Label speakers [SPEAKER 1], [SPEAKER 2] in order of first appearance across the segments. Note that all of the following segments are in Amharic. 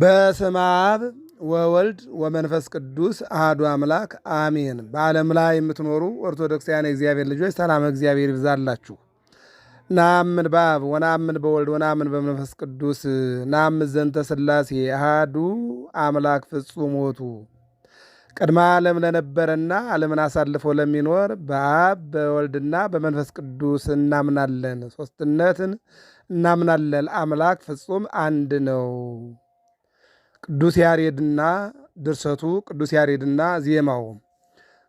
[SPEAKER 1] በስመ አብ ወወልድ ወመንፈስ ቅዱስ አሐዱ አምላክ አሜን። በዓለም ላይ የምትኖሩ ኦርቶዶክሳውያን የእግዚአብሔር ልጆች ሰላም እግዚአብሔር ይብዛላችሁ። ናምን በአብ ወናምን በወልድ ወናምን በመንፈስ ቅዱስ ናም ዘንተ ሥላሴ አሐዱ አምላክ ፍጹም ሆቱ ቅድመ ዓለም ለነበረና ዓለምን አሳልፎ ለሚኖር በአብ በወልድና በመንፈስ ቅዱስ እናምናለን። ሦስትነትን እናምናለን። አምላክ ፍጹም አንድ ነው። ቅዱስ ያሬድና ድርሰቱ ቅዱስ ያሬድና ዜማው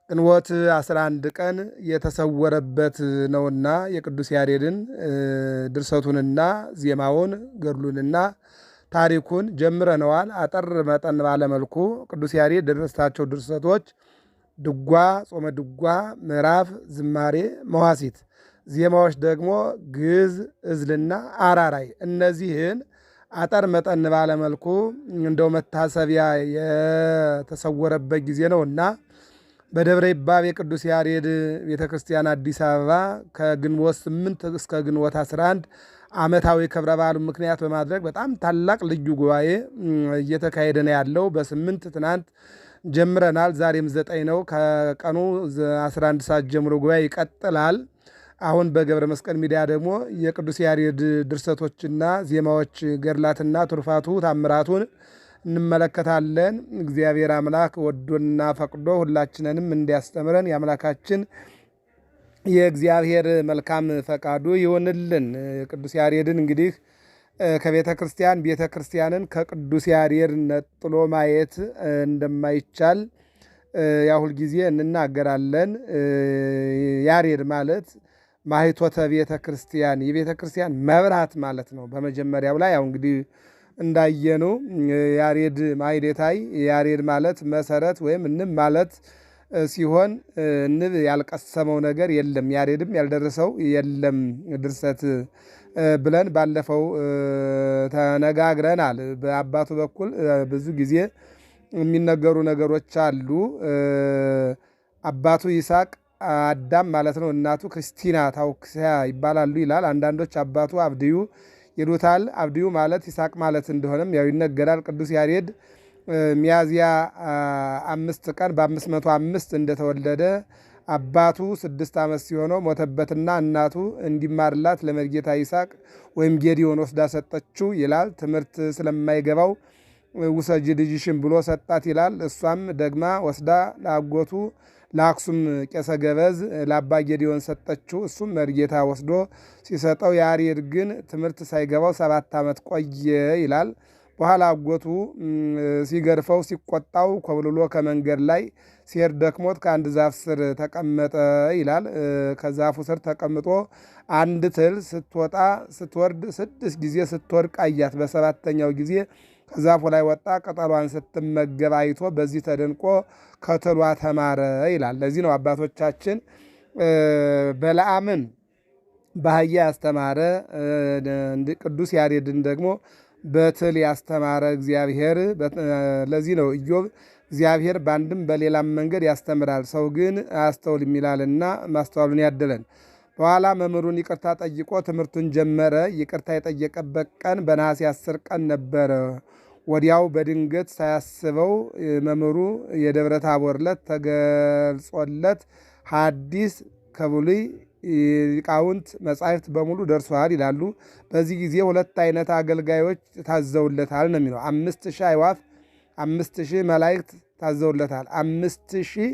[SPEAKER 1] ግንቦት 11 ቀን የተሰወረበት ነውና የቅዱስ ያሬድን ድርሰቱንና ዜማውን ገድሉንና ታሪኩን ጀምረነዋል። አጠር መጠን ባለመልኩ ቅዱስ ያሬድ የደረሳቸው ድርሰቶች ድጓ፣ ጾመ ድጓ፣ ምዕራፍ፣ ዝማሬ፣ መዋሲት፣ ዜማዎች ደግሞ ግዝ፣ እዝልና አራራይ እነዚህን አጠር መጠን ባለ መልኩ እንደው መታሰቢያ የተሰወረበት ጊዜ ነው እና በደብረ ይባብ የቅዱስ ያሬድ ቤተ ክርስቲያን አዲስ አበባ ከግንቦት 8 እስከ ግንቦት 11 ዓመታዊ ክብረ በዓሉ ምክንያት በማድረግ በጣም ታላቅ ልዩ ጉባኤ እየተካሄደ ነው ያለው። በስምንት ትናንት ጀምረናል። ዛሬም ዘጠኝ ነው። ከቀኑ 11 ሰዓት ጀምሮ ጉባኤ ይቀጥላል። አሁን በገብረ መስቀል ሚዲያ ደግሞ የቅዱስ ያሬድ ድርሰቶችና ዜማዎች ገድላትና ቱርፋቱ ታምራቱን እንመለከታለን። እግዚአብሔር አምላክ ወዶና ፈቅዶ ሁላችንንም እንዲያስተምረን የአምላካችን የእግዚአብሔር መልካም ፈቃዱ ይሆንልን። ቅዱስ ያሬድን እንግዲህ ከቤተ ክርስቲያን ቤተ ክርስቲያንን ከቅዱስ ያሬድ ነጥሎ ማየት እንደማይቻል ያሁል ጊዜ እንናገራለን። ያሬድ ማለት ማኅቶተ ቤተ ክርስቲያን የቤተ ክርስቲያን መብራት ማለት ነው። በመጀመሪያው ላይ ያው እንግዲህ እንዳየኑ ያሬድ ማይዴታይ ያሬድ ማለት መሰረት ወይም ንብ ማለት ሲሆን ንብ ያልቀሰመው ነገር የለም፣ ያሬድም ያልደረሰው የለም ድርሰት ብለን ባለፈው ተነጋግረናል። በአባቱ በኩል ብዙ ጊዜ የሚነገሩ ነገሮች አሉ። አባቱ ይስሐቅ አዳም ማለት ነው። እናቱ ክርስቲና ታውክሳ ይባላሉ ይላል። አንዳንዶች አባቱ አብድዩ ይሉታል። አብድዩ ማለት ይሳቅ ማለት እንደሆነም ያው ይነገራል። ቅዱስ ያሬድ ሚያዝያ አምስት ቀን በአምስት መቶ አምስት እንደተወለደ አባቱ ስድስት ዓመት ሲሆነው ሞተበትና እናቱ እንዲማርላት ለመርጌታ ይሳቅ ወይም ጌዲዮን ወስዳ ሰጠችው ይላል። ትምህርት ስለማይገባው ውሰጅ ልጅሽን ብሎ ሰጣት ይላል። እሷም ደግማ ወስዳ ለአጎቱ ለአክሱም ቄሰ ገበዝ ለአባ ጌዲዮን ሰጠችው። እሱም መርጌታ ወስዶ ሲሰጠው ያሬድ ግን ትምህርት ሳይገባው ሰባት ዓመት ቆየ ይላል። በኋላ አጎቱ ሲገርፈው ሲቆጣው ኮብልሎ ከመንገድ ላይ ሲሄድ ደክሞት ከአንድ ዛፍ ስር ተቀመጠ ይላል። ከዛፉ ስር ተቀምጦ አንድ ትል ስትወጣ ስትወርድ ስድስት ጊዜ ስትወድቅ አያት። በሰባተኛው ጊዜ ከዛፉ ላይ ወጣ፣ ቅጠሏን ስትመገብ አይቶ በዚህ ተደንቆ ከትሏ ተማረ ይላል። ለዚህ ነው አባቶቻችን በለዓምን በአህያ ያስተማረ ቅዱስ ያሬድን ደግሞ በትል ያስተማረ እግዚአብሔር። ለዚህ ነው ኢዮብ እግዚአብሔር በአንድም በሌላም መንገድ ያስተምራል፣ ሰው ግን አያስተውል የሚላልና ማስተዋሉን ያደለን። በኋላ መምህሩን ይቅርታ ጠይቆ ትምህርቱን ጀመረ። ይቅርታ የጠየቀበት ቀን በነሐሴ አስር ቀን ነበረ። ወዲያው በድንገት ሳያስበው መምህሩ የደብረ ታቦር ዕለት ተገልጾለት ሐዲስ ከብሉይ ሊቃውንት መጻሕፍት በሙሉ ደርሷል ይላሉ። በዚህ ጊዜ ሁለት አይነት አገልጋዮች ታዘውለታል ነው የሚለው። አምስት ሺህ አይዋፍ፣ አምስት ሺህ መላእክት ታዘውለታል። አምስት ሺህ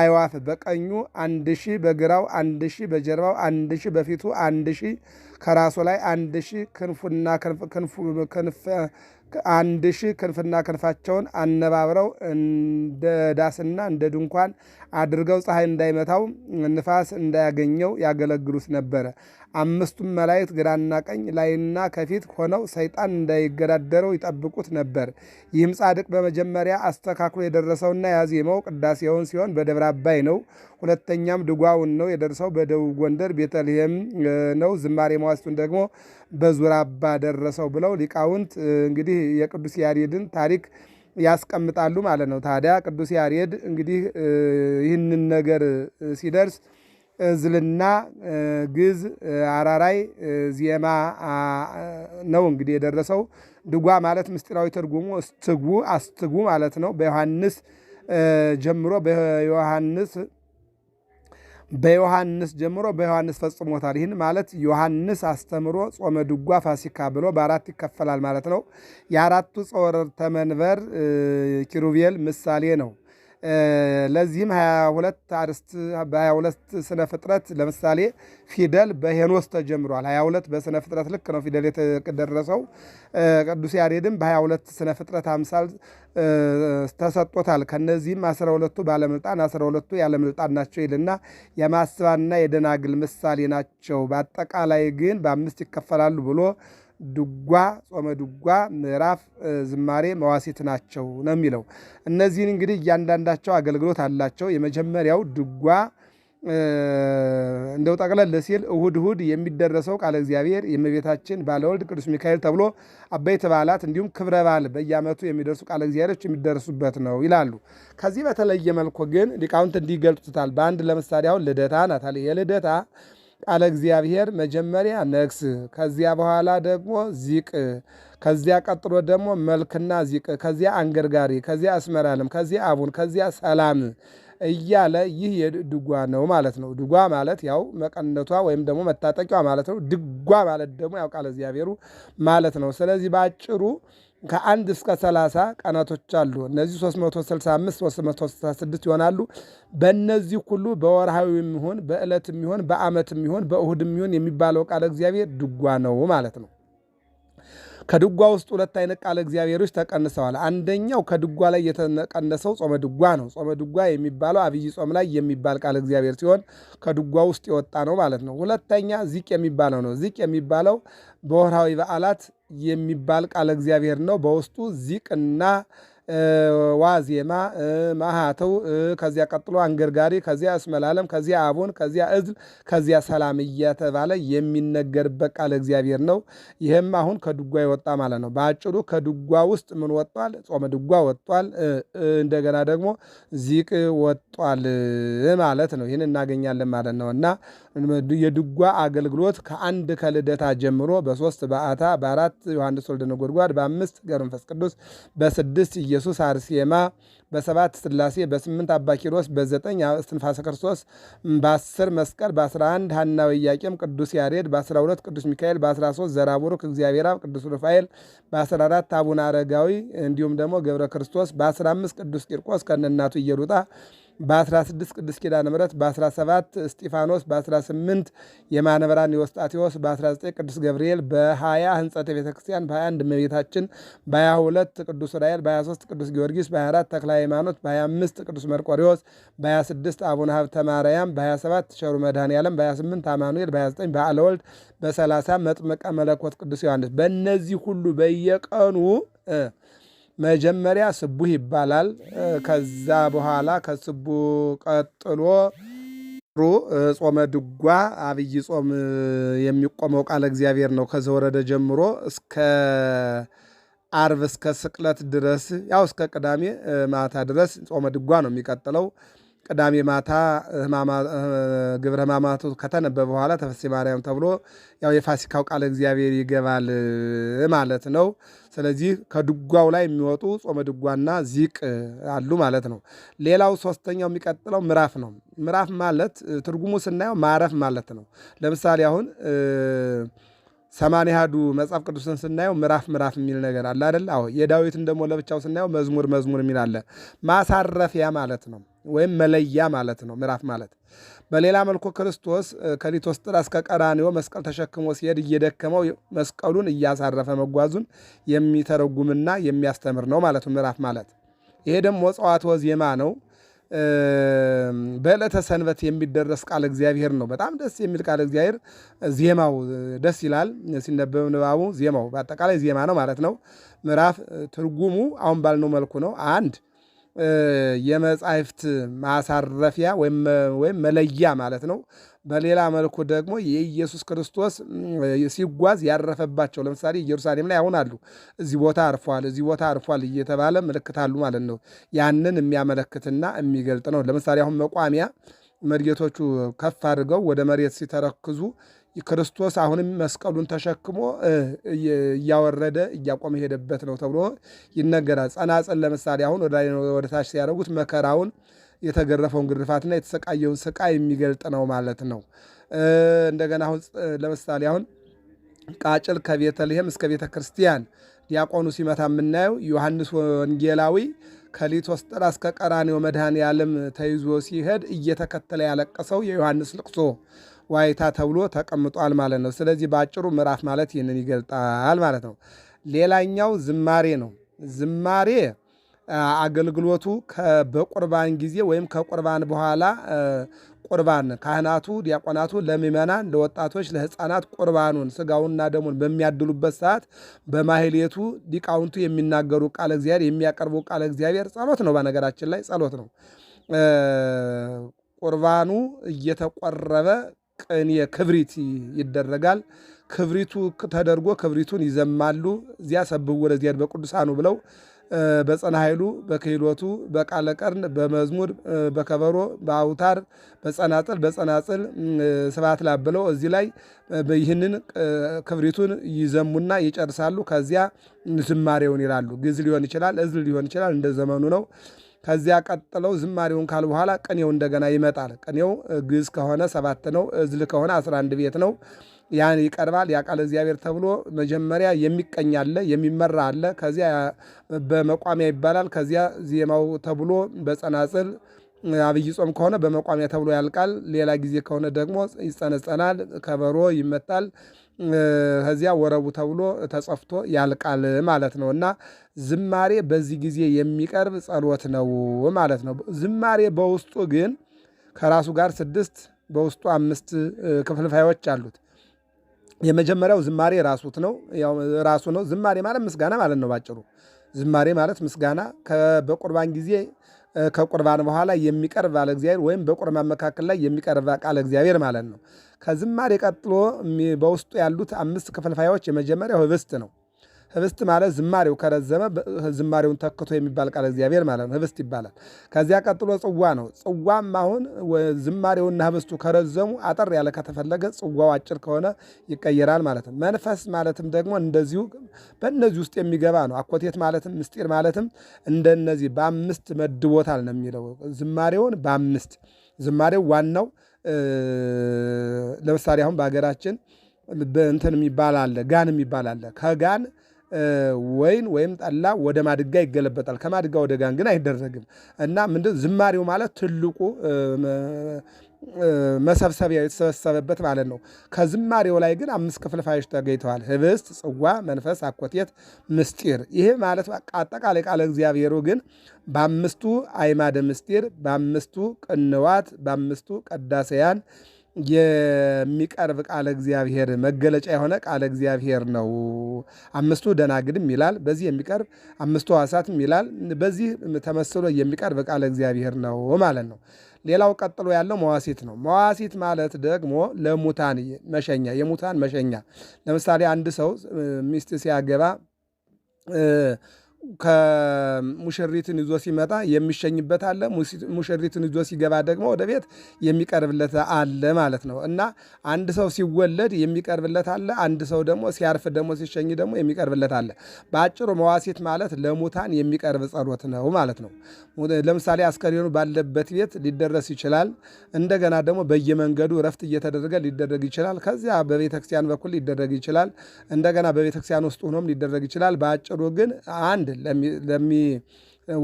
[SPEAKER 1] አይዋፍ በቀኙ አንድ ሺህ በግራው አንድ ሺህ በጀርባው አንድ ሺህ በፊቱ አንድ ሺህ ከራሱ ላይ አንድ ሺህ ክንፉና አንድ ሺህ ክንፍና ክንፋቸውን አነባብረው እንደ ዳስና እንደ ድንኳን አድርገው ፀሐይ እንዳይመታው ንፋስ እንዳያገኘው ያገለግሉት ነበረ። አምስቱም መላእክት ግራና ቀኝ ላይና ከፊት ሆነው ሰይጣን እንዳይገዳደረው ይጠብቁት ነበር። ይህም ጻድቅ በመጀመሪያ አስተካክሎ የደረሰውና ያዜመው ቅዳሴውን ሲሆን በደብረ አባይ ነው። ሁለተኛም ድጓውን ነው የደረሰው በደቡብ ጎንደር ቤተልሔም ነው። ዝማሬ መዋሥዕቱን ደግሞ በዙር አባ ደረሰው ብለው ሊቃውንት እንግዲህ የቅዱስ ያሬድን ታሪክ ያስቀምጣሉ ማለት ነው። ታዲያ ቅዱስ ያሬድ እንግዲህ ይህንን ነገር ሲደርስ እዝልና ግዝ አራራይ፣ ዜማ ነው እንግዲህ የደረሰው። ድጓ ማለት ምስጢራዊ ትርጉሙ እስትጉ አስትጉ ማለት ነው። በዮሐንስ ጀምሮ በዮሐንስ በዮሐንስ ጀምሮ በዮሐንስ ፈጽሞታል። ይህን ማለት ዮሐንስ አስተምሮ ጾመ ድጓ ፋሲካ ብሎ በአራት ይከፈላል ማለት ነው። የአራቱ ጾረር ተመንበር ኪሩቤል ምሳሌ ነው። ለዚህም 22 አርዕስት በ22 ስነ ፍጥረት ለምሳሌ ፊደል በሄኖስ ተጀምሯል። 22 በስነ ፍጥረት ልክ ነው ፊደል የተደረሰው። ቅዱስ ያሬድም በ22 ስነ ፍጥረት አምሳል ተሰጥቶታል። ከነዚህም 12ቱ ባለምልጣን 12ቱ ያለምልጣን ናቸው ይልና የማስባና የደናግል ምሳሌ ናቸው። በአጠቃላይ ግን በአምስት ይከፈላሉ ብሎ ድጓ ጾመ ድጓ ምዕራፍ ዝማሬ መዋሴት ናቸው ነው የሚለው። እነዚህን እንግዲህ እያንዳንዳቸው አገልግሎት አላቸው። የመጀመሪያው ድጓ እንደው ጠቅለል ሲል እሁድ እሁድ የሚደረሰው ቃለ እግዚአብሔር የእመቤታችን ባለወልድ ቅዱስ ሚካኤል ተብሎ አበይት በዓላት እንዲሁም ክብረ በዓል በየዓመቱ የሚደርሱ ቃለ እግዚአብሔሮች የሚደርሱበት ነው ይላሉ። ከዚህ በተለየ መልኩ ግን ሊቃውንት እንዲገልጡታል። በአንድ ለምሳሌ አሁን ልደታ ናት። የልደታ ቃለ እግዚአብሔር መጀመሪያ ነግስ፣ ከዚያ በኋላ ደግሞ ዚቅ፣ ከዚያ ቀጥሎ ደግሞ መልክና ዚቅ፣ ከዚያ አንገርጋሪ፣ ከዚያ አስመራለም፣ ከዚያ አቡን፣ ከዚያ ሰላም እያለ ይህ የድጓ ነው ማለት ነው። ድጓ ማለት ያው መቀነቷ ወይም ደግሞ መታጠቂዋ ማለት ነው። ድጓ ማለት ደግሞ ያው ቃለ እግዚአብሔሩ ማለት ነው። ስለዚህ በአጭሩ ከአንድ እስከ 30 ቀናቶች አሉ። እነዚህ 365 366 ይሆናሉ። በእነዚህ ሁሉ በወርሃዊም ይሁን በዕለትም ይሁን በዓመትም ይሁን በእሁድም ይሁን የሚባለው ቃለ እግዚአብሔር ድጓ ነው ማለት ነው። ከድጓ ውስጥ ሁለት አይነት ቃለ እግዚአብሔሮች ተቀንሰዋል። አንደኛው ከድጓ ላይ የተቀነሰው ጾመ ድጓ ነው። ጾመ ድጓ የሚባለው አብይ ጾም ላይ የሚባል ቃለ እግዚአብሔር ሲሆን ከድጓ ውስጥ የወጣ ነው ማለት ነው። ሁለተኛ ዚቅ የሚባለው ነው። ዚቅ የሚባለው በወርሃዊ በዓላት የሚባል ቃለ እግዚአብሔር ነው። በውስጡ ዚቅና ዋዜማ፣ ማሃተው፣ ከዚያ ቀጥሎ አንገርጋሪ፣ ከዚያ እስመላለም፣ ከዚያ አቡን፣ ከዚያ እዝል፣ ከዚያ ሰላም እየተባለ የሚነገርበት ቃለ እግዚአብሔር ነው። ይህም አሁን ከድጓ ይወጣ ማለት ነው። በአጭሩ ከድጓ ውስጥ ምን ወጥቷል? ጾመ ድጓ ወጥቷል። እንደገና ደግሞ ዚቅ ወጥቷል ማለት ነው። ይህን እናገኛለን ማለት ነው እና የድጓ አገልግሎት ከአንድ ከልደታ ጀምሮ በሶስት በአታ በአራት ዮሐንስ ወልደ ነጎድጓድ በአምስት ገብረ መንፈስ ቅዱስ በስድስት ኢየሱስ አርሴማ በሰባት ስላሴ በስምንት አባ ኪሮስ በዘጠኝ እስትንፋሰ ክርስቶስ በአስር መስቀል በአስራ አንድ ሐናዊ ኢያቄም ቅዱስ ያሬድ በአስራ ሁለት ቅዱስ ሚካኤል በአስራ ሶስት ዘራቡሩክ እግዚአብሔር አብ ቅዱስ ሩፋኤል በአስራ አራት አቡነ አረጋዊ እንዲሁም ደግሞ ገብረ ክርስቶስ በአስራ አምስት ቅዱስ ቂርቆስ ከነናቱ እየሉጣ በ16 ቅዱስ ኪዳነ ምሕረት፣ በ17 እስጢፋኖስ፣ በ18 የማነ ብርሃን የወስጣቴዎስ፣ በ19 ቅዱስ ገብርኤል፣ በ20 ሕንጸተ ቤተክርስቲያን በ በ21 እመቤታችን፣ በ22 ቅዱስ ራኤል በ በ23 ቅዱስ ጊዮርጊስ፣ በ24 ተክለ ሃይማኖት፣ በ25 ቅዱስ መርቆሪዎስ በ በ26 አቡነ ሀብተ ማርያም፣ በ27 ሸሩ መድን ያለም በ በ28 አማኑኤል፣ በ29 በዓለ ወልድ፣ በ30 መጥምቀ መለኮት ቅዱስ ዮሐንስ በእነዚህ ሁሉ በየቀኑ መጀመሪያ ስቡህ ይባላል። ከዛ በኋላ ከስቡ ቀጥሎ ሩ ጾመ ድጓ አብይ ጾም የሚቆመው ቃለ እግዚአብሔር ነው። ከዘወረደ ጀምሮ እስከ አርብ እስከ ስቅለት ድረስ ያው እስከ ቅዳሜ ማታ ድረስ ጾመ ድጓ ነው የሚቀጥለው። ቅዳሜ ማታ ግብረ ሕማማቱ ከተነበበ በኋላ ተፈሥሒ ማርያም ተብሎ ያው የፋሲካው ቃለ እግዚአብሔር ይገባል ማለት ነው። ስለዚህ ከድጓው ላይ የሚወጡ ጾመ ድጓና ዚቅ አሉ ማለት ነው። ሌላው ሶስተኛው የሚቀጥለው ምዕራፍ ነው። ምዕራፍ ማለት ትርጉሙ ስናየው ማረፍ ማለት ነው። ለምሳሌ አሁን ሰማንያ አሐዱ መጽሐፍ ቅዱስን ስናየው ምዕራፍ ምዕራፍ የሚል ነገር አለ አይደል? አዎ። የዳዊትን ደግሞ ለብቻው ስናየው መዝሙር መዝሙር የሚል አለ። ማሳረፊያ ማለት ነው። ወይም መለያ ማለት ነው ምዕራፍ ማለት። በሌላ መልኩ ክርስቶስ ከሊቶስጥራ እስከ ቀራንዮ መስቀል ተሸክሞ ሲሄድ እየደከመው መስቀሉን እያሳረፈ መጓዙን የሚተረጉምና የሚያስተምር ነው ማለት ነው ምዕራፍ ማለት። ይሄ ደግሞ ጸዋትወ ዜማ ነው። በዕለተ ሰንበት የሚደረስ ቃል እግዚአብሔር ነው። በጣም ደስ የሚል ቃል እግዚአብሔር ዜማው ደስ ይላል። ሲነበብ ንባቡ ዜማው በአጠቃላይ ዜማ ነው ማለት ነው። ምዕራፍ ትርጉሙ አሁን ባልነው መልኩ ነው አንድ የመጻሕፍት ማሳረፊያ ወይም መለያ ማለት ነው። በሌላ መልኩ ደግሞ የኢየሱስ ክርስቶስ ሲጓዝ ያረፈባቸው ለምሳሌ ኢየሩሳሌም ላይ አሁን አሉ። እዚህ ቦታ አርፏል፣ እዚህ ቦታ አርፏል እየተባለ ምልክት አሉ ማለት ነው። ያንን የሚያመለክትና የሚገልጥ ነው። ለምሳሌ አሁን መቋሚያ መሪጌቶቹ ከፍ አድርገው ወደ መሬት ሲተረክዙ ክርስቶስ አሁንም መስቀሉን ተሸክሞ እያወረደ እያቆመ ሄደበት ነው ተብሎ ይነገራል። ጸናጽል ለምሳሌ አሁን ወደ ወደ ታች ሲያደርጉት መከራውን የተገረፈውን ግርፋትና የተሰቃየውን ስቃይ የሚገልጥ ነው ማለት ነው። እንደገና አሁን ለምሳሌ አሁን ቃጭል ከቤተልሔም እስከ ቤተ ክርስቲያን ዲያቆኑ ሲመታ የምናየው ዮሐንስ ወንጌላዊ ከሊቶስጥራ እስከ ቀራኔው መድኃኔ ተይዞ ሲሄድ እየተከተለ ያለቀሰው የዮሐንስ ልቅሶ ዋይታ ተብሎ ተቀምጧል ማለት ነው። ስለዚህ በአጭሩ ምዕራፍ ማለት ይህንን ይገልጣል ማለት ነው። ሌላኛው ዝማሬ ነው። ዝማሬ አገልግሎቱ በቁርባን ጊዜ ወይም ከቁርባን በኋላ ቁርባን ካህናቱ፣ ዲያቆናቱ ለምእመናን፣ ለወጣቶች፣ ለሕፃናት ቁርባኑን ስጋውንና ደሙን በሚያድሉበት ሰዓት በማህሌቱ ሊቃውንቱ የሚናገሩ ቃለ እግዚአብሔር የሚያቀርቡ ቃለ እግዚአብሔር ጸሎት ነው። በነገራችን ላይ ጸሎት ነው። ቁርባኑ እየተቆረበ ቅኔ ክብሪት ይደረጋል። ክብሪቱ ተደርጎ ክብሪቱን ይዘማሉ። እዚያ ሰብሕዎ ለእግዚአብሔር በቅዱሳኑ ብለው በጸና ኃይሉ በክህሎቱ በቃለ ቀርን በመዝሙር በከበሮ በአውታር በጸናጽል በጸናጽል ስብሐት ላብ ብለው እዚህ ላይ ይህንን ክብሪቱን ይዘሙና ይጨርሳሉ። ከዚያ ዝማሬውን ይላሉ። ግዝ ሊሆን ይችላል፣ እዝል ሊሆን ይችላል። እንደ ዘመኑ ነው። ከዚያ ቀጥለው ዝማሬውን ካል በኋላ ቅኔው እንደገና ይመጣል። ቅኔው ግዕዝ ከሆነ ሰባት ነው፣ እዝል ከሆነ አስራ አንድ ቤት ነው። ያን ይቀርባል። ያ ቃል እግዚአብሔር ተብሎ መጀመሪያ የሚቀኝ አለ፣ የሚመራ አለ። ከዚያ በመቋሚያ ይባላል። ከዚያ ዜማው ተብሎ በጸናጽል አብይ ጾም ከሆነ በመቋሚያ ተብሎ ያልቃል። ሌላ ጊዜ ከሆነ ደግሞ ይጸነጸናል፣ ከበሮ ይመታል። ከዚያ ወረቡ ተብሎ ተጸፍቶ ያልቃል ማለት ነው እና ዝማሬ በዚህ ጊዜ የሚቀርብ ጸሎት ነው ማለት ነው። ዝማሬ በውስጡ ግን ከራሱ ጋር ስድስት በውስጡ አምስት ክፍልፋዮች አሉት። የመጀመሪያው ዝማሬ ራሱት ነው ራሱ ነው። ዝማሬ ማለት ምስጋና ማለት ነው ባጭሩ። ዝማሬ ማለት ምስጋና በቁርባን ጊዜ ከቁርባን በኋላ የሚቀርብ ቃለ እግዚአብሔር ወይም በቁርባን መካከል ላይ የሚቀርብ ቃለ እግዚአብሔር ማለት ነው። ከዝማሬ ቀጥሎ በውስጡ ያሉት አምስት ክፍልፋዮች የመጀመሪያው ህብስት ነው። ህብስት ማለት ዝማሬው ከረዘመ ዝማሬውን ተክቶ የሚባል ቃል እግዚአብሔር ማለት ነው፣ ህብስት ይባላል። ከዚያ ቀጥሎ ጽዋ ነው። ጽዋም አሁን ዝማሬውና ህብስቱ ከረዘሙ አጠር ያለ ከተፈለገ ጽዋው አጭር ከሆነ ይቀየራል ማለት ነው። መንፈስ ማለትም ደግሞ እንደዚሁ በእነዚህ ውስጥ የሚገባ ነው። አኮቴት ማለትም ምስጢር ማለትም እንደነዚህ በአምስት መድቦታል ነው የሚለው ዝማሬውን በአምስት ዝማሬው ዋናው ለምሳሌ አሁን በሀገራችን በእንትን የሚባል አለ ጋን የሚባል አለ። ከጋን ወይን ወይም ጠላ ወደ ማድጋ ይገለበጣል። ከማድጋ ወደ ጋን ግን አይደረግም እና ምንድን ዝማሬው ማለት ትልቁ መሰብሰቢያ የተሰበሰበበት ማለት ነው። ከዝማሬው ላይ ግን አምስት ክፍልፋዮች ተገኝተዋል። ህብስት፣ ጽዋ፣ መንፈስ፣ አኮቴት፣ ምስጢር። ይሄ ማለት አጠቃላይ ቃለ እግዚአብሔሩ ግን በአምስቱ አይማደ ምስጢር፣ በአምስቱ ቅንዋት፣ በአምስቱ ቀዳሰያን የሚቀርብ ቃለ እግዚአብሔር መገለጫ የሆነ ቃለ እግዚአብሔር ነው። አምስቱ ደናግልም ይላል በዚህ የሚቀርብ አምስቱ ሐዋሳትም ይላል በዚህ ተመስሎ የሚቀርብ ቃለ እግዚአብሔር ነው ማለት ነው። ሌላው ቀጥሎ ያለው መዋሲት ነው። መዋሲት ማለት ደግሞ ለሙታን መሸኛ፣ የሙታን መሸኛ። ለምሳሌ አንድ ሰው ሚስት ሲያገባ ከሙሽሪትን ይዞ ሲመጣ የሚሸኝበት አለ። ሙሽሪትን ይዞ ሲገባ ደግሞ ወደ ቤት የሚቀርብለት አለ ማለት ነው እና አንድ ሰው ሲወለድ የሚቀርብለት አለ። አንድ ሰው ደግሞ ሲያርፍ ደግሞ ሲሸኝ ደግሞ የሚቀርብለት አለ። በአጭሩ መዋሲት ማለት ለሙታን የሚቀርብ ጸሎት ነው ማለት ነው። ለምሳሌ አስከሬኑ ባለበት ቤት ሊደረስ ይችላል። እንደገና ደግሞ በየመንገዱ ረፍት እየተደረገ ሊደረግ ይችላል። ከዚያ በቤተክርስቲያን በኩል ሊደረግ ይችላል። እንደገና በቤተክርስቲያን ውስጥ ሆኖም ሊደረግ ይችላል። በአጭሩ ግን አንድ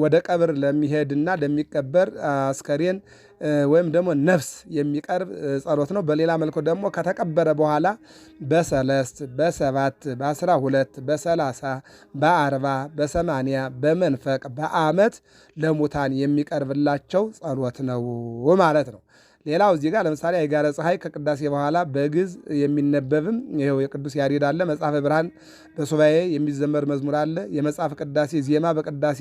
[SPEAKER 1] ወደ ቀብር ለሚሄድና ለሚቀበር አስከሬን ወይም ደግሞ ነፍስ የሚቀርብ ጸሎት ነው። በሌላ መልኩ ደግሞ ከተቀበረ በኋላ በሰለስት በሰባት በአስራ ሁለት በሰላሳ በአርባ በሰማንያ በመንፈቅ በአመት ለሙታን የሚቀርብላቸው ጸሎት ነው ማለት ነው። ሌላው እዚህ ጋር ለምሳሌ አይጋረ ፀሐይ ከቅዳሴ በኋላ በግዝ የሚነበብም ይኸው የቅዱስ ያሬድ አለ። መጽሐፈ ብርሃን በሱባኤ የሚዘመር መዝሙር አለ። የመጽሐፍ ቅዳሴ ዜማ በቅዳሴ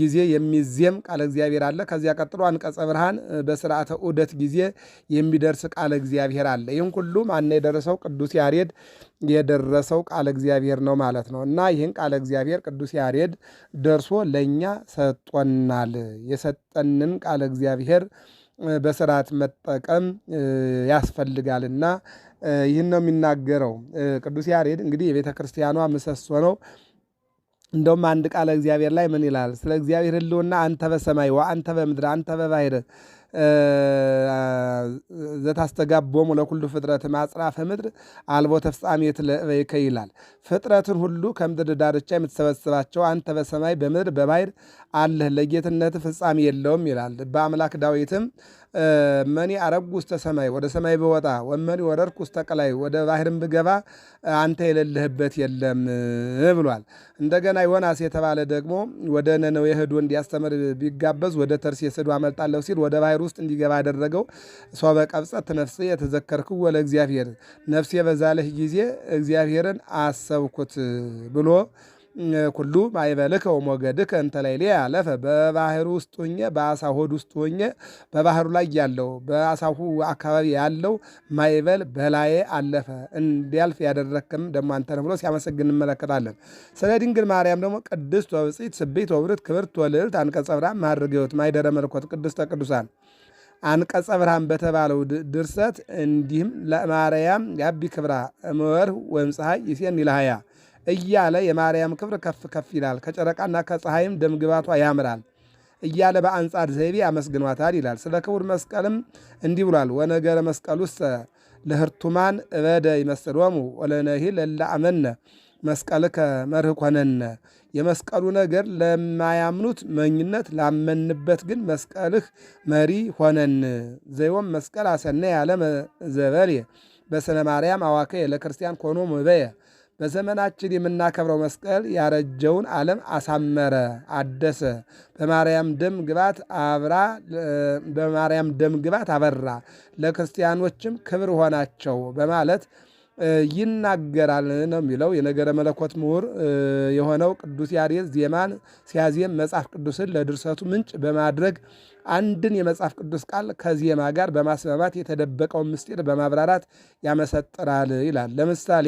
[SPEAKER 1] ጊዜ የሚዜም ቃለ እግዚአብሔር አለ። ከዚያ ቀጥሎ አንቀጸ ብርሃን በስርዓተ ዑደት ጊዜ የሚደርስ ቃለ እግዚአብሔር አለ። ይህን ሁሉ ማነው የደረሰው? ቅዱስ ያሬድ የደረሰው ቃለ እግዚአብሔር ነው ማለት ነው። እና ይህን ቃለ እግዚአብሔር ቅዱስ ያሬድ ደርሶ ለእኛ ሰጦናል። የሰጠንን ቃለ እግዚአብሔር በስርዓት መጠቀም ያስፈልጋልና ይህን ነው የሚናገረው ቅዱስ ያሬድ። እንግዲህ የቤተ ክርስቲያኗ ምሰሶ ነው። እንደውም አንድ ቃለ እግዚአብሔር ላይ ምን ይላል? ስለ እግዚአብሔር ሕልውና አንተ በሰማይ ወአንተ በምድር አንተ በባሕር ዘታስተጋቦሙ ለኩሉ ፍጥረት ማጽራፈ ምድር አልቦ ተፍጻሜት ለእበይከ ይላል። ፍጥረትን ሁሉ ከምድር ዳርቻ የምትሰበስባቸው አንተ በሰማይ በምድር በባሕር አለህ። ለጌትነት ፍጻሜ የለውም ይላል። በአምላክ ዳዊትም መኒ አረጉ ውስተ ሰማይ ወደ ሰማይ ብወጣ ወመኒ ወረድኩ ውስተ ቀላይ ወደ ባህርም ብገባ አንተ የሌለህበት የለም ብሏል። እንደገና ዮናስ የተባለ ደግሞ ወደ ነነዌ ሄዶ እንዲያስተምር ቢጋበዝ ወደ ተርሴስ ሄዶ አመልጣለሁ ሲል ወደ ባህር ውስጥ እንዲገባ አደረገው። ሶበ ቀብጸት ነፍሴ የተዘከርክው ወለ እግዚአብሔር ነፍሴ በዛለህ ጊዜ እግዚአብሔርን አሰብኩት ብሎ ኩሉ ማይበልከ ወሞገድከ እንተ ላዕሌየ አለፈ። በባህር ውስጥ ሆኜ በአሳ ሆድ ውስጥ ሆኜ በባህሩ ላይ ያለው በአሳሁ አካባቢ ያለው ማይበል በላዬ አለፈ እንዲያልፍ ያደረክም ደግሞ አንተ ነው ብሎ ሲያመሰግን እንመለከታለን። ስለ ድንግል ማርያም ደግሞ ቅድስት ወብፅዕት ስቤት ወብርህት ክብርት ወልዕልት አንቀጸ ብርሃን ማዕርገ ማይደረ መልኮት ቅድስተ ቅዱሳን አንቀጸ ብርሃን በተባለው ድርሰት እንዲህም ለማርያም ያቢ ክብራ እምወርኅ ወእምፀሐይ ይሴን ይልሃያ እያለ የማርያም ክብር ከፍ ከፍ ይላል፣ ከጨረቃና ከፀሐይም ደምግባቷ ያምራል እያለ በአንጻር ዘይቤ አመስግኗታል ይላል። ስለ ክቡር መስቀልም እንዲህ ብሏል። ወነገረ መስቀል ውስጥ ለህርቱማን እበደ ይመስሎሙ ወለነሂ ለላአመነ መስቀል ከመርህ ኮነነ። የመስቀሉ ነገር ለማያምኑት መኝነት፣ ላመንበት ግን መስቀልህ መሪ ሆነን። ዘይወም መስቀል አሰነ ያለ ዘበልየ በስነ ማርያም አዋከየ ለክርስቲያን ኮኖ መበየ በዘመናችን የምናከብረው መስቀል ያረጀውን ዓለም አሳመረ፣ አደሰ። በማርያም ደም ግባት አብራ በማርያም ደም ግባት አበራ፣ ለክርስቲያኖችም ክብር ሆናቸው በማለት ይናገራል ነው የሚለው የነገረ መለኮት ምሁር የሆነው ቅዱስ ያሬድ ዜማን ሲያዜም መጽሐፍ ቅዱስን ለድርሰቱ ምንጭ በማድረግ አንድን የመጽሐፍ ቅዱስ ቃል ከዜማ ጋር በማስማማት የተደበቀውን ምስጢር በማብራራት ያመሰጥራል ይላል። ለምሳሌ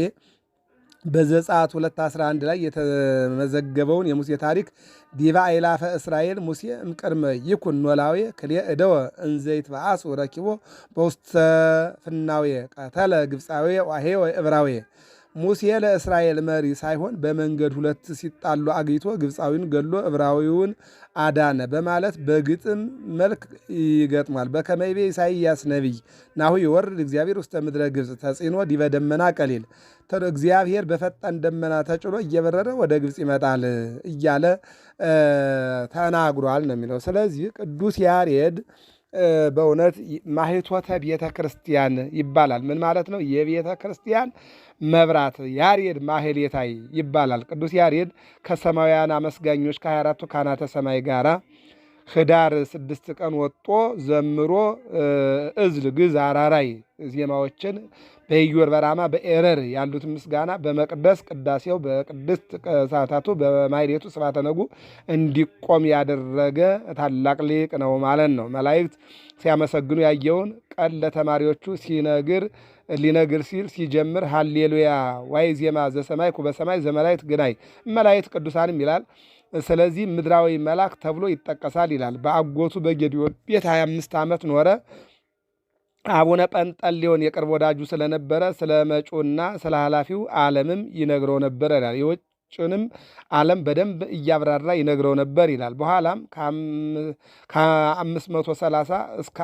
[SPEAKER 1] በዘጸአት 2፥11 ላይ የተመዘገበውን የሙሴ ታሪክ ዲበ አይላፈ እስራኤል ሙሴ እምቅድመ ይኩን ኖላዊ ክልኤ እደወ እንዘይት በአስ ረኪቦ በውስተ ፍናዊ ቀተለ ግብፃዊ ዋሄ ወይ እብራዊ ሙሴ ለእስራኤል መሪ ሳይሆን በመንገድ ሁለት ሲጣሉ አግኝቶ ግብፃዊን ገሎ እብራዊውን አዳነ በማለት በግጥም መልክ ይገጥማል። በከመይቤ ኢሳይያስ ነቢይ ናሁ ይወርድ እግዚአብሔር ውስተ ምድረ ግብፅ ተጽዕኖ ዲበ ደመና ቀሊል እግዚአብሔር በፈጣን ደመና ተጭሎ እየበረረ ወደ ግብፅ ይመጣል እያለ ተናግሯል ነው የሚለው። ስለዚህ ቅዱስ ያሬድ በእውነት ማህቶተ ቤተ ክርስቲያን ይባላል። ምን ማለት ነው? የቤተ ክርስቲያን መብራት ያሬድ ማህሌታይ ይባላል። ቅዱስ ያሬድ ከሰማውያን አመስጋኞች ከ24ቱ ካህናተ ሰማይ ጋራ ህዳር ስድስት ቀን ወጦ ዘምሮ እዝል ግዝ አራራይ ዜማዎችን በኢዮር በራማ በኤረር ያሉት ምስጋና በመቅደስ ቅዳሴው በቅድስት ሰዓታቱ በማይሌቱ ስብሐተ ነግሁ እንዲቆም ያደረገ ታላቅ ሊቅ ነው ማለት ነው። መላእክት ሲያመሰግኑ ያየውን ቀን ለተማሪዎቹ ሲነግር ሊነግር ሲል ሲጀምር ሃሌሉያ ዋይ ዜማ ዘሰማይ ኩበሰማይ ዘመላይት ግናይ መላይት ቅዱሳንም ይላል። ስለዚህ ምድራዊ መልአክ ተብሎ ይጠቀሳል ይላል። በአጎቱ በጌዲዮን ቤት 25 ዓመት ኖረ። አቡነ ጰንጠሌዎን የቅርብ ወዳጁ ስለነበረ ስለ መጪውና ስለ ኃላፊው ዓለምም ይነግረው ነበር ይላል። ጭንም ዓለም በደንብ እያብራራ ይነግረው ነበር ይላል። በኋላም ከ ሰላሳ እስከ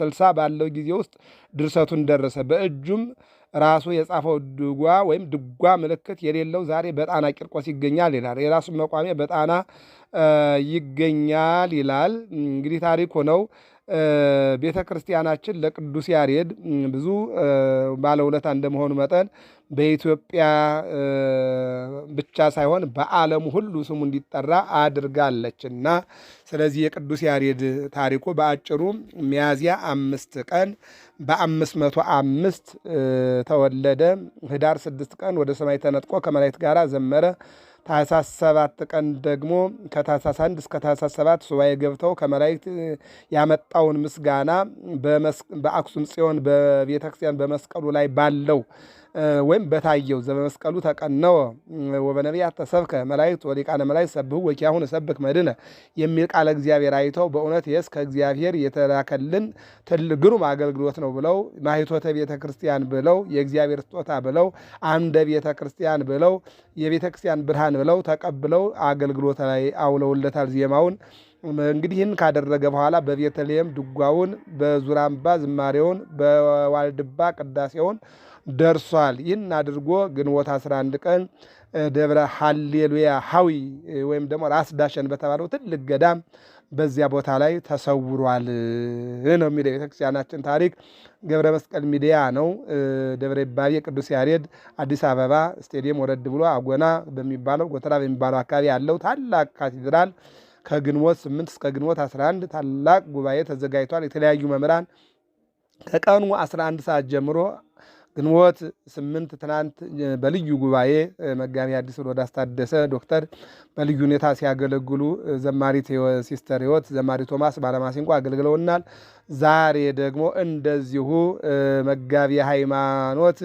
[SPEAKER 1] ስልሳ ባለው ጊዜ ውስጥ ድርሰቱን ደረሰ። በእጁም ራሱ የጻፈው ድጓ ወይም ድጓ ምልክት የሌለው ዛሬ በጣና ቂርቆስ ይገኛል ይላል። የራሱ መቋሚያ በጣና ይገኛል ይላል። እንግዲህ ታሪኩ ነው። ቤተ ክርስቲያናችን ለቅዱስ ያሬድ ብዙ ባለውለታ እንደመሆኑ መጠን በኢትዮጵያ ብቻ ሳይሆን በዓለም ሁሉ ስሙ እንዲጠራ አድርጋለች እና ስለዚህ የቅዱስ ያሬድ ታሪኩ በአጭሩ ሚያዝያ አምስት ቀን በአምስት መቶ አምስት ተወለደ። ህዳር ስድስት ቀን ወደ ሰማይ ተነጥቆ ከመላእክት ጋር ዘመረ። ታኅሳስ ሰባት ቀን ደግሞ ከታኅሳስ አንድ እስከ ታኅሳስ ሰባት ሱባኤ ገብተው ከመላእክት ያመጣውን ምስጋና በአክሱም ጽዮን በቤተክርስቲያን በመስቀሉ ላይ ባለው ወይም በታየው ዘበመስቀሉ ተቀነወ ወበነቢያት ተሰብከ መላእክት ወሊቃነ መላእክት ሰብህ ወኪያሁን ሰብክ መድነ የሚል ቃለ እግዚአብሔር አይተው በእውነት የስ ከእግዚአብሔር የተላከልን ግሩም አገልግሎት ነው ብለው ማኅቶተ ቤተ ክርስቲያን ብለው የእግዚአብሔር ስጦታ ብለው አምደ ቤተ ክርስቲያን ብለው የቤተ ክርስቲያን ብርሃን ብለው ተቀብለው አገልግሎት ላይ አውለውለታል ዜማውን። እንግዲህ ይህን ካደረገ በኋላ በቤተልሔም ድጓውን፣ በዙራምባ ዝማሬውን፣ በዋልድባ ቅዳሴውን ደርሷል። ይህን አድርጎ ግንቦት 11 ቀን ደብረ ሃሌሉያ ሀዊ ወይም ደግሞ ራስ ዳሸን በተባለው ትልቅ ገዳም በዚያ ቦታ ላይ ተሰውሯል ነው የሚለው የቤተክርስቲያናችን ታሪክ። ገብረ መስቀል ሚዲያ ነው። ደብረ ይባቤ ቅዱስ ያሬድ አዲስ አበባ ስቴዲየም ወረድ ብሎ አጎና በሚባለው ጎተራ በሚባለው አካባቢ ያለው ታላቅ ካቴድራል ከግንቦት 8 እስከ ግንቦት 11 ታላቅ ጉባኤ ተዘጋጅቷል። የተለያዩ መምህራን ከቀኑ 11 ሰዓት ጀምሮ ግንቦት ስምንት ትናንት በልዩ ጉባኤ መጋቢ አዲስ ወደ አስታደሰ ዶክተር በልዩ ሁኔታ ሲያገለግሉ ዘማሪ ሲስተር ህይወት፣ ዘማሪ ቶማስ ባለማሲንቆ አገልግለውናል። ዛሬ ደግሞ እንደዚሁ መጋቢ ሃይማኖት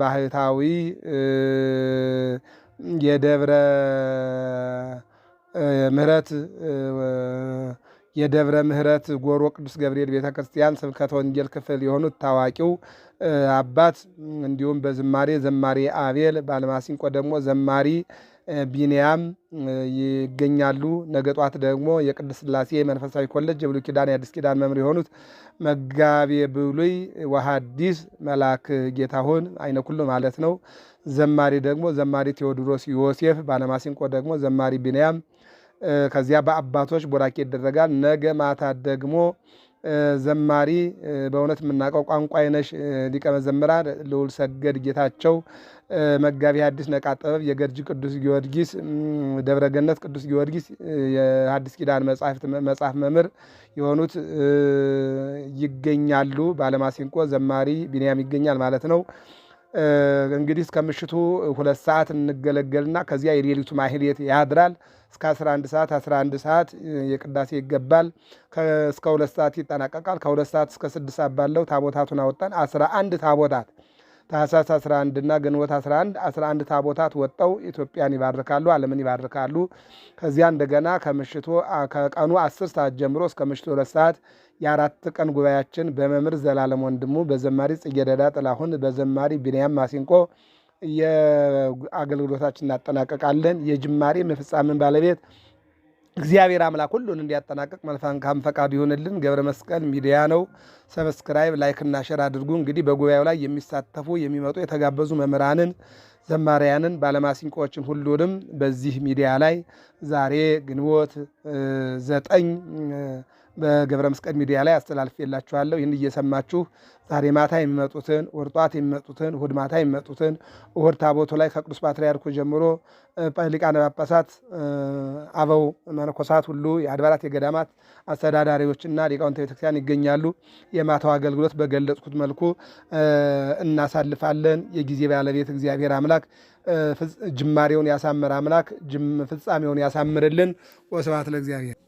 [SPEAKER 1] ባህታዊ የደብረ ምሕረት የደብረ ምሕረት ጎሮ ቅዱስ ገብርኤል ቤተ ክርስቲያን ስብከተ ወንጌል ክፍል የሆኑት ታዋቂው አባት እንዲሁም በዝማሬ ዘማሪ አቤል፣ ባለማሲንቆ ደግሞ ዘማሪ ቢንያም ይገኛሉ። ነገ ጧት ደግሞ የቅድስት ሥላሴ መንፈሳዊ ኮሌጅ የብሉይ ኪዳን የአዲስ ኪዳን መምህር የሆኑት መጋቤ ብሉይ ወሐዲስ መልአክ ጌታሁን አይነ ኩሉ ማለት ነው። ዘማሪ ደግሞ ዘማሪ ቴዎድሮስ ዮሴፍ፣ ባለማሲንቆ ደግሞ ዘማሪ ቢንያም ከዚያ በአባቶች ቡራኬ ይደረጋል። ነገ ማታ ደግሞ ዘማሪ በእውነት የምናውቀው ቋንቋ ይነሽ ሊቀ መዘምራን ልዑል ሰገድ ጌታቸው፣ መጋቢ ሐዲስ ነቃ ጥበብ፣ የገርጂ ቅዱስ ጊዮርጊስ፣ ደብረገነት ቅዱስ ጊዮርጊስ የሐዲስ ኪዳን መጽሐፍ መምህር የሆኑት ይገኛሉ። ባለማሲንቆ ዘማሪ ቢንያም ይገኛል ማለት ነው። እንግዲህ እስከ ምሽቱ ሁለት ሰዓት እንገለገልና ከዚያ የሌሊቱ ማህሌት ያድራል። እስከ 11 ሰዓት 11 ሰዓት የቅዳሴ ይገባል። እስከ ሁለት ሰዓት ይጠናቀቃል። ከሁለት ሰዓት እስከ ስድስት ሰዓት ባለው ታቦታቱን አወጣን። 11 ታቦታት ታኅሳስ 11 እና ግንቦት 11 11 ታቦታት ወጠው ኢትዮጵያን ይባርካሉ፣ ዓለምን ይባርካሉ። ከዚያ እንደገና ከምሽቱ ከቀኑ 10 ሰዓት ጀምሮ እስከ ምሽቱ 2 ሰዓት የአራት ቀን ጉባኤያችን በመምህር ዘላለም ወንድሙ፣ በዘማሪ ጽጌረዳ ጥላሁን፣ በዘማሪ ቢንያም ማሲንቆ የአገልግሎታችን እናጠናቀቃለን። የጅማሬ መፍጻምን ባለቤት እግዚአብሔር አምላክ ሁሉን እንዲያጠናቀቅ መልካም ፈቃዱ ይሆንልን። ገብረ መስቀል ሚዲያ ነው። ሰብስክራይብ፣ ላይክና ሸር አድርጉ። እንግዲህ በጉባኤው ላይ የሚሳተፉ የሚመጡ የተጋበዙ መምህራንን፣ ዘማሪያንን፣ ባለማሲንቆዎችን ሁሉንም በዚህ ሚዲያ ላይ ዛሬ ግንቦት ዘጠኝ በገብረ መስቀል ሚዲያ ላይ አስተላልፌላችኋለሁ። ይህን እየሰማችሁ ዛሬ ማታ የሚመጡትን ወርጧት የሚመጡትን እሑድ ማታ የሚመጡትን እሑድ ታቦቱ ላይ ከቅዱስ ፓትርያርኩ ጀምሮ ሊቃነ ጳጳሳት፣ አበው መነኮሳት ሁሉ የአድባራት የገዳማት አስተዳዳሪዎችና ሊቃውንተ ቤተክርስቲያን ይገኛሉ። የማታው አገልግሎት በገለጽኩት መልኩ እናሳልፋለን። የጊዜ ባለቤት እግዚአብሔር አምላክ ጅማሬውን ያሳምር አምላክ ፍጻሜውን ያሳምርልን። ወስብሐት ለእግዚአብሔር።